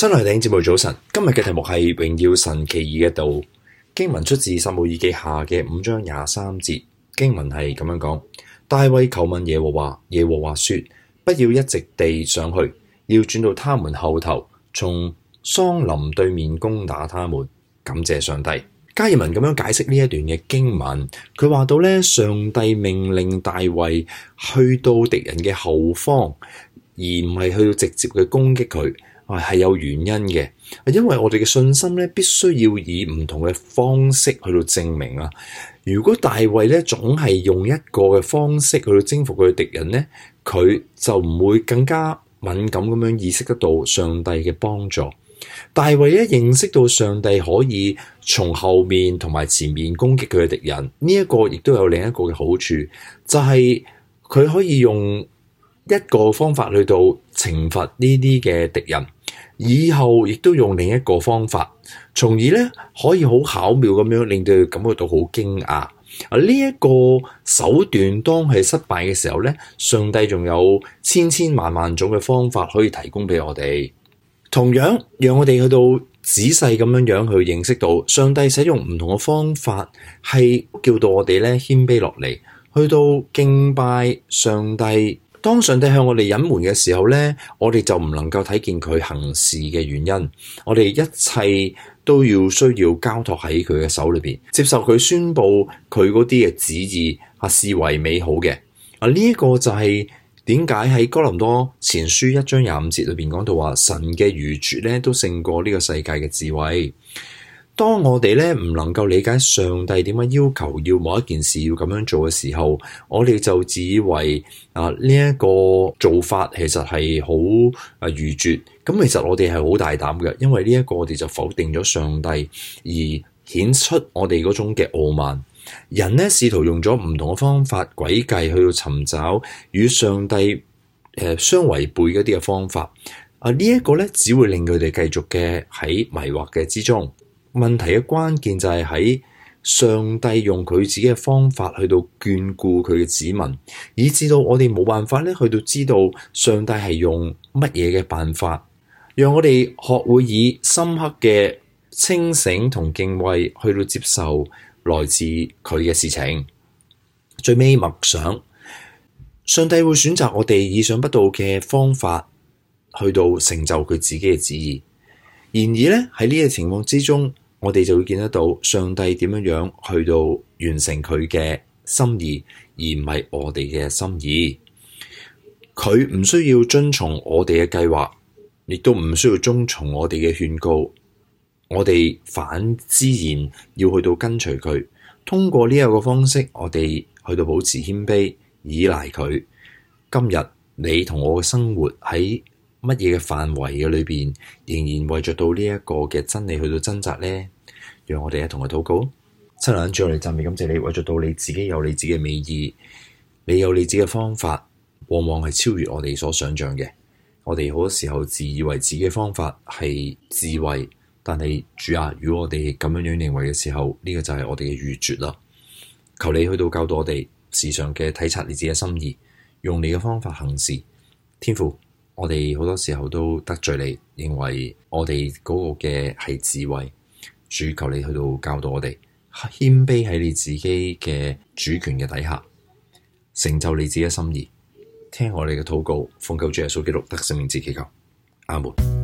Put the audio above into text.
新來電影節目早晨，今日嘅題目係榮耀神奇異嘅道經文，出自《撒母耳記下》嘅五章廿三節。經文係咁樣講：大衛求問耶和華，耶和華說：不要一直地上去，要轉到他們後頭，從桑林對面攻打他們。感謝上帝。加爾文咁樣解釋呢一段嘅經文，佢話到呢，上帝命令大衛去到敵人嘅後方，而唔係去到直接去攻擊佢。係有原因嘅，因為我哋嘅信心咧必須要以唔同嘅方式去到證明啊！如果大衛咧總係用一個嘅方式去到征服佢嘅敵人咧，佢就唔會更加敏感咁樣意識得到上帝嘅幫助。大衛一認識到上帝可以從後面同埋前面攻擊佢嘅敵人，呢一個亦都有另一個嘅好處，就係佢可以用一個方法去到懲罰呢啲嘅敵人。以後亦都用另一個方法，從而咧可以好巧妙咁樣令到佢感覺到好驚訝。啊，呢一個手段當係失敗嘅時候咧，上帝仲有千千萬萬種嘅方法可以提供俾我哋。同樣，讓我哋去到仔細咁樣樣去認識到，上帝使用唔同嘅方法係叫到我哋咧謙卑落嚟，去到敬拜上帝。當上帝向我哋隱瞞嘅時候咧，我哋就唔能夠睇見佢行事嘅原因。我哋一切都要需要交託喺佢嘅手裏邊，接受佢宣布佢嗰啲嘅旨意啊，視為美好嘅啊。呢一個就係點解喺哥林多前書一章廿五節裏邊講到話，神嘅愚拙咧都勝過呢個世界嘅智慧。當我哋咧唔能夠理解上帝點樣要求，要某一件事要咁樣做嘅時候，我哋就自以為啊呢一個做法其實係好啊愚拙。咁其實我哋係好大膽嘅，因為呢一個我哋就否定咗上帝，而顯出我哋嗰種嘅傲慢。人呢試圖用咗唔同嘅方法、詭計去到尋找與上帝誒相違背嗰啲嘅方法啊，這個、呢一個咧只會令佢哋繼續嘅喺迷惑嘅之中。問題嘅關鍵就係喺上帝用佢自己嘅方法去到眷顧佢嘅子民，以至到我哋冇辦法咧去到知道上帝係用乜嘢嘅辦法，讓我哋學會以深刻嘅清醒同敬畏去到接受來自佢嘅事情。最尾默想，上帝會選擇我哋意想不到嘅方法去到成就佢自己嘅旨意。然而咧，喺呢個情況之中。我哋就會見得到上帝點樣樣去到完成佢嘅心意，而唔係我哋嘅心意。佢唔需要遵從我哋嘅計劃，亦都唔需要遵從我哋嘅勸告。我哋反之然要去到跟隨佢，通過呢一個方式，我哋去到保持謙卑，依賴佢。今日你同我嘅生活喺乜嘢嘅範圍嘅裏邊，仍然為著到呢一個嘅真理去到掙扎咧？讓我哋一同去禱告。親愛的主，我哋讚美感謝你，為著到你自己有你自己嘅美意，你有你自己嘅方法，往往係超越我哋所想象嘅。我哋好多時候自以為自己嘅方法係智慧，但係主啊，如果我哋咁樣樣認為嘅時候，呢個就係我哋嘅預決啦。求你去到教導我哋時常嘅體察你自己嘅心意，用你嘅方法行事，天父。我哋好多時候都得罪你，認為我哋嗰個嘅係智慧，主，求你去到教導我哋，謙卑喺你自己嘅主權嘅底下，成就你自己的心意，聽我哋嘅禱告，奉求主耶穌基督得勝的名祈求，阿門。